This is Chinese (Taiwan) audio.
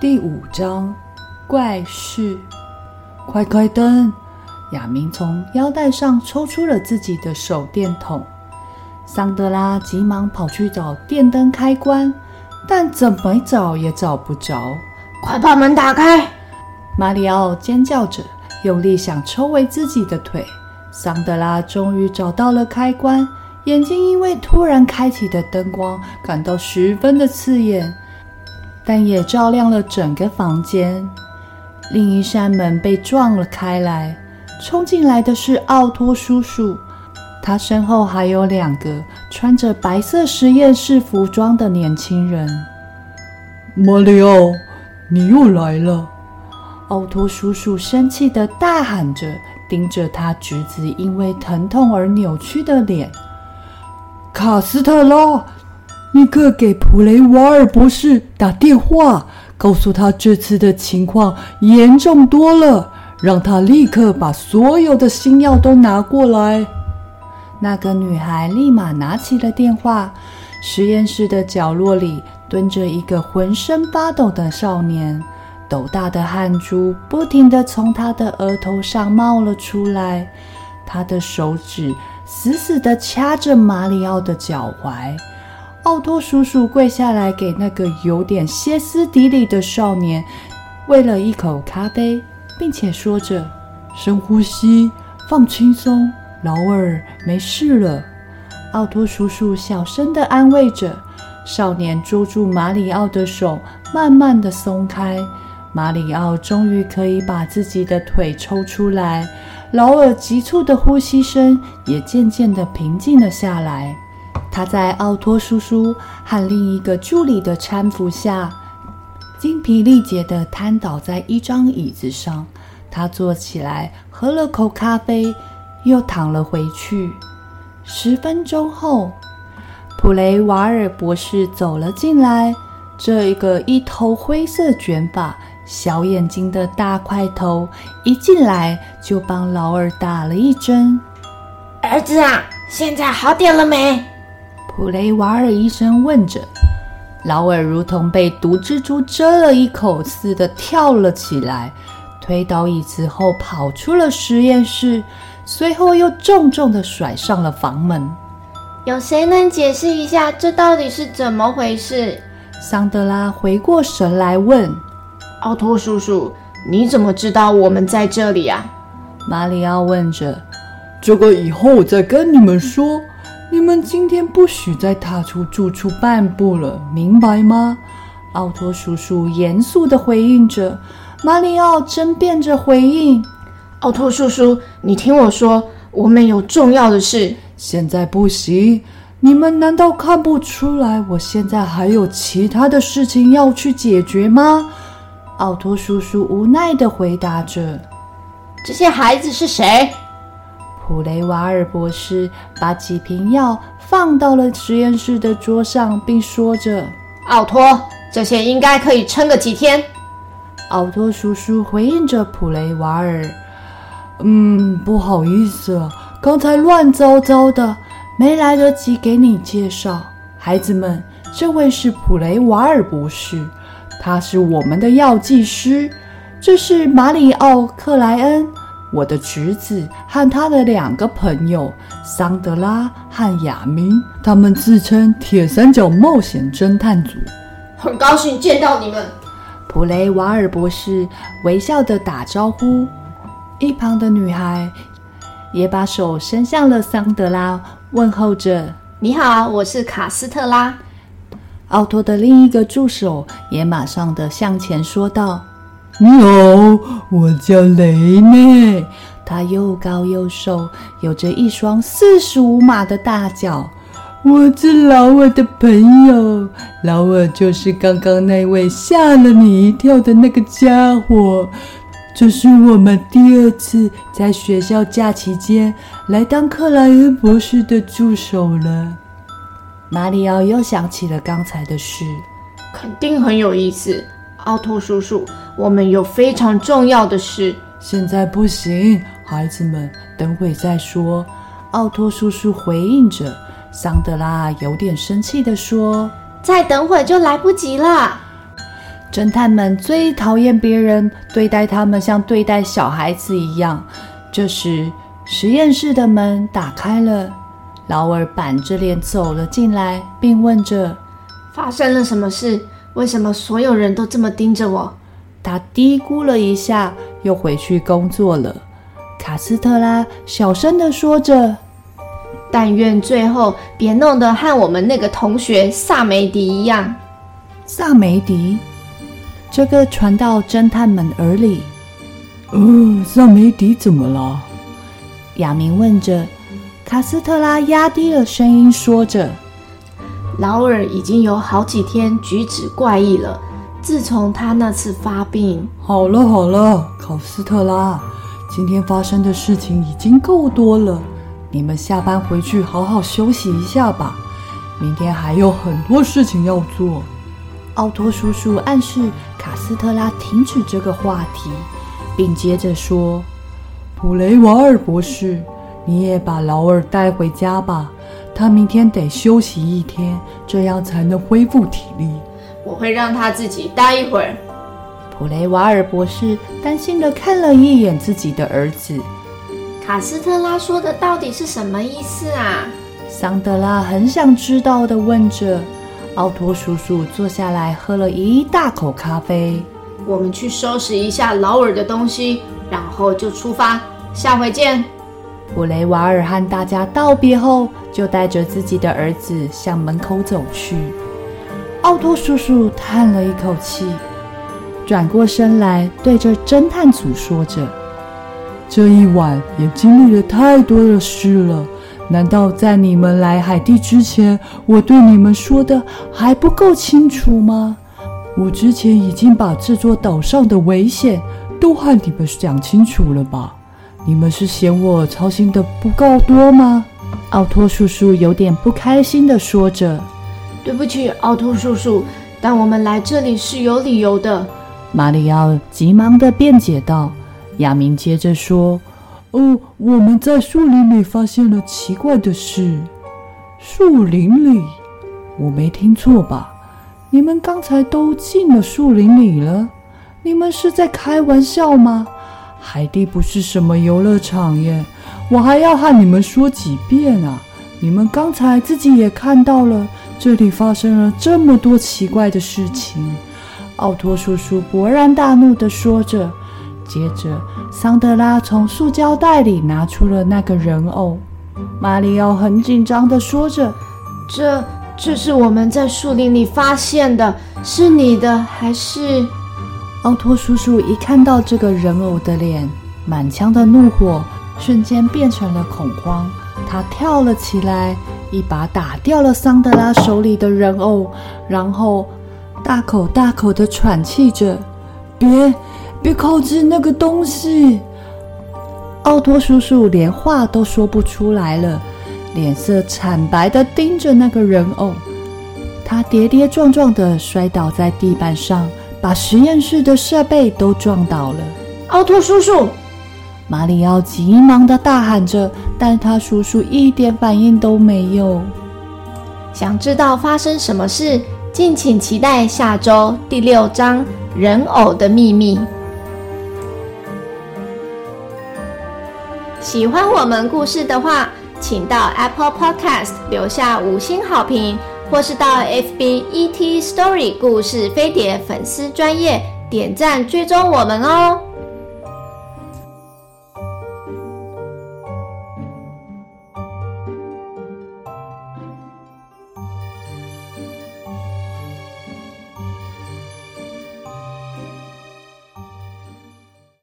第五章，怪事！快開燈！雅明從腰帶上抽出了自己的手電筒。桑德拉急忙跑去找電燈開關，但怎麼找也找不着。快把門打開！馬里奧尖叫着，用力想抽回自己的腿。桑德拉終於找到了開關，眼睛因為突然開啟的燈光感到十分的刺眼，但也照亮了整個房間。另一扇門被撞了開來，衝進來的是奧托叔叔，他身後還有兩個穿着白色實驗室服裝的年輕人。馬里奧，你又來了！奧托叔叔生氣的大喊着，盯着他侄子因為疼痛而扭曲的臉。卡斯特拉。立刻給普雷瓦爾博士打電話，告訴他這次的情況嚴重多了，讓他立刻把所有的新藥都拿過來。那個女孩立馬拿起了電話。實驗室的角落裡蹲着一個渾身發抖的少年，斗大的汗珠不停地從他的額頭上冒了出來，他的手指死死地掐着馬里奧的腳踝。奧托叔叔跪下來，給那個有點歇斯底里的少年餵了一口咖啡，並且說着：“深呼吸，放輕鬆，勞爾，沒事了。”奧托叔叔小聲地安慰着。少年捉住馬里奧的手，慢慢地鬆開。馬里奧終於可以把自己的腿抽出來，勞爾急促的呼吸聲也漸漸地平靜了下來。他在奧托叔叔和另一個助理的攙扶下，精疲力竭地癱倒在一張椅子上。他坐起來喝了口咖啡，又躺了回去。十分鐘後，普雷瓦爾博士走了進來。這一個一頭灰色捲髮、小眼睛的大塊頭，一進來就幫勞爾打了一針。兒子啊，現在好點了沒？布雷瓦爾醫生問着，勞爾如同被毒蜘蛛蟄了一口似的跳了起來，推倒椅子後跑出了實驗室，隨後又重重的甩上了房門。有誰能解釋一下這到底是怎麼回事？桑德拉回過神來問：“奧托叔叔，你怎麼知道我們在這裡啊？”馬里奧問着：“這個以後我再跟你們說。嗯”你們今天不許再踏出住處半步了，明白嗎？奧托叔叔嚴肅的回應着。馬里奧爭辯着回應：“奧托叔叔，你聽我說，我們有重要的事。”現在不行。你們難道看不出來，我現在還有其他的事情要去解決嗎？奧托叔叔無奈的回答着：“這些孩子是誰？”普雷瓦爾博士把幾瓶藥放到了實驗室的桌上，並說着：“奧托，這些應該可以撐個幾天。”奧托叔叔回應着普雷瓦爾：“嗯，不好意思啊，剛才亂糟糟的，沒來得及給你介紹。孩子們，這位是普雷瓦爾博士，他是我們的藥劑師。這是馬里奧·克萊恩。”我的侄子和他的兩個朋友桑德拉和亞明，他們自稱“鐵三角冒險偵探組”。很高興見到你們，普雷瓦爾博士微笑地打招呼。一旁的女孩也把手伸向了桑德拉，問候着：“你好，我是卡斯特拉。”奧托的另一個助手也馬上地向前說道。你好，oh, 我叫雷內，他又高又瘦，有着一雙四十五碼的大腳。我是老爾的朋友，老爾就是剛剛那位嚇了你一跳的那個家伙。這是我們第二次在學校假期間來當克萊恩博士的助手了。馬里奧又想起了剛才的事，肯定很有意思。奧托叔叔，我們有非常重要的事。現在不行，孩子們，等會再說。奧托叔叔回應着。桑德拉有點生氣的說：“再等會就來不及了。”偵探們最討厭別人對待他們像對待小孩子一樣。這時，實驗室的門打開了，勞爾板着臉走了進來，並問着：“發生了什麼事？”為什麼所有人都這麼盯着我？他嘀咕了一下，又回去工作了。卡斯特拉小聲地說着：“但願最後別弄得和我們那個同學薩梅迪一樣。”薩梅迪？這個傳到偵探們耳裡。哦、呃，薩梅迪怎麼了？雅明問着。卡斯特拉壓低了聲音說着。勞爾已經有好幾天舉止怪異了，自從他那次發病，好了好了，卡斯特拉，今天發生的事情已經夠多了，你們下班回去好好休息一下吧。明天還有很多事情要做。奧托叔叔暗示卡斯特拉停止這個話題，並接着說：“普雷瓦爾博士，你也把勞爾帶回家吧。”他明天得休息一天，這樣才能恢復體力。我會讓他自己待一會兒。普雷瓦爾博士擔心地看了一眼自己的兒子。卡斯特拉說的到底是什麼意思啊？桑德拉很想知道地問着。奧托叔叔坐下來喝了一大口咖啡。我們去收拾一下勞爾的東西，然後就出發。下回見。普雷瓦爾和大家道別後，就帶着自己的兒子向門口走去。奧托叔叔嘆了一口氣，轉過身來對着偵探組說着：“這一晚也經歷了太多的事了。難道在你們來海地之前，我對你們說的還不夠清楚嗎？我之前已經把這座島上的危險都和你們講清楚了吧？”你們是嫌我操心的不夠多嗎？奧托叔叔有點不開心的說着。“對不起，奧托叔叔，但我們來這裡是有理由的。”馬里奧急忙的辯解道。亞明接着說：“哦，我們在樹林裡發現了奇怪的事。樹林裡？我沒聽錯吧？你們剛才都進了樹林裡了？你們是在開玩笑嗎？”海蒂不是什麼遊樂場耶，我還要和你們說幾遍啊！你們剛才自己也看到了，這裡發生了這麼多奇怪的事情。奧托叔叔勃然大怒的說着，接着桑德拉從塑膠袋裡拿出了那個人偶。馬里奧很緊張的說着：“這，這是我們在樹林裡發現的，是你的還是？”奧托叔叔一看到這個人偶的臉，滿腔的怒火瞬間變成了恐慌。他跳了起來，一把打掉了桑德拉手裡的人偶，然後大口大口的喘氣着：“別，別靠近那個東西！”奧托叔叔連話都說不出來了，臉色慘白的盯着那個人偶，他跌跌撞撞的摔倒在地板上。把實驗室的設備都撞倒了，奧托叔叔！馬里奧急忙的大喊着，但他叔叔一點反應都沒有。想知道發生什麼事？敬請期待下周第六章《人偶的秘密》。喜歡我們故事的話，請到 Apple Podcast 留下五星好評。或是到 FB ET Story 故事飛碟粉絲專頁點讚追蹤我們哦。